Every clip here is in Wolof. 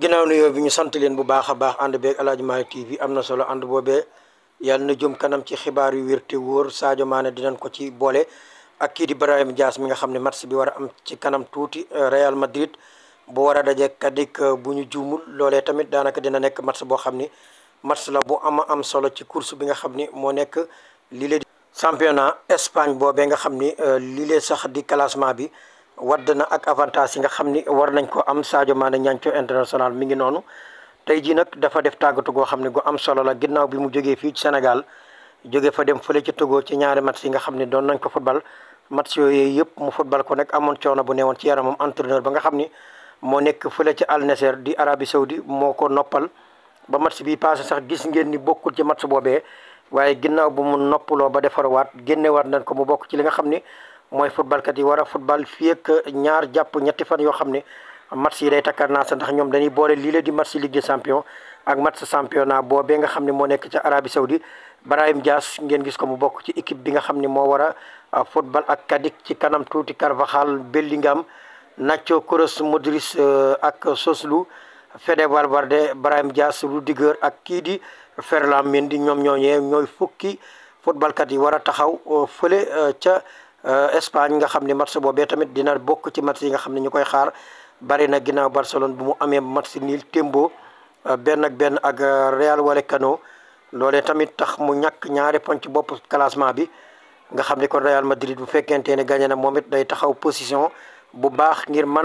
ginnaaw nuyoo bi ñu sant leen bu baax a baax ànd beeg Aladji Malick TV am na solo ànd boobee yàlla na jëm kanam ci xibaar yu wér te wóor Sadio Mané dinañ ko ci boole ak kii di Brahim Diaz mi nga xam ne match bi war a am ci kanam tuuti euh, Real Madrid boo war a daje Cadix euh, bu ñu juumul loole tamit daanaka dina nekk match boo xam ni match la bu ama am solo ci course bi nga xam ni moo nekk lii la di championnat Espagne boobee nga xam ni euh, lii la sax di classement bi wadd na ak avantage yi nga xam ni war nañ ko am Sadio Mané ñanco international mi ngi noonu tey jii nag dafa def tàggatu goo xam ne gu am solo la ginnaaw bi mu jógee fii ci Sénégal jóge fa dem fële ci Togo ci ñaare match yi nga xam ne doon nañ ko football match yooyu yëpp mu football ko nag amoon coono bu newoon ci yaramam entraîneur ba nga xam ni moo nekk fële ci Al Nasser di Arabie Saoudi moo ko noppal ba match bi passé sax gis ngeen ni bokkul ci match boobee waaye ginnaaw bu mu noppaloo ba defarwaat génnewaat nañ ko mu bokk ci li nga xam ni mooy footballkat yi war a football fii ak ñaar jàpp ñetti fan yoo xam ne match yi day takkar naa sa ndax ñoom dañuy boole lii la di match Ligue des Champions ak na championnat boobee nga xam ne moo nekk ca Arabie Saoudi Brahim Diaz ngeen gis ko mu bokk ci équipe bi nga xam ne moo war a football ak Kadic ci kanam tuuti Carvajal Bellingham Nacho Kroos Modric euh, ak Soslu Fede Valverde Brahim Diaz Rudiger ak kii di Ferland Mendy ñoom ñooñee ñooy fukki footballkat yi war a taxaw euh, fële euh, ca Euh, Espagne nga xam ne match boobee tamit dina bokk ci match yi nga xam ne ñu koy xaar bari na ginnaaw Barcelone bu mu amee match nii témbo benn euh, benn ak euh, Real Vallecano loolee tamit tax mu ñàkk ñaari poñ ci bopp classement bi nga xam ne kon Real Madrid bu fekkente ne gagné na moom day taxaw position bu baax ngir mën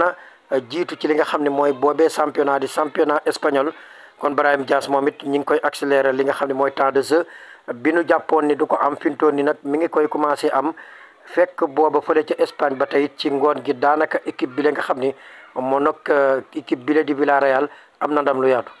a jiitu ci li nga xam ne mooy boobee championnat di championnat espagnol kon Brahim Diaz moom it ñu ngi koy accélérer li nga xam ne mooy temps de jeu binu nu jàppoon ni du ko am fintoon ni nag mi ngi koy commencé am fekk booba fële ca Espagne ba tey ci ngoon gi daanaka équipe bi la nga xam ni moom nag euh, équipe bi la di Villarreal am na ndam lu yaatu.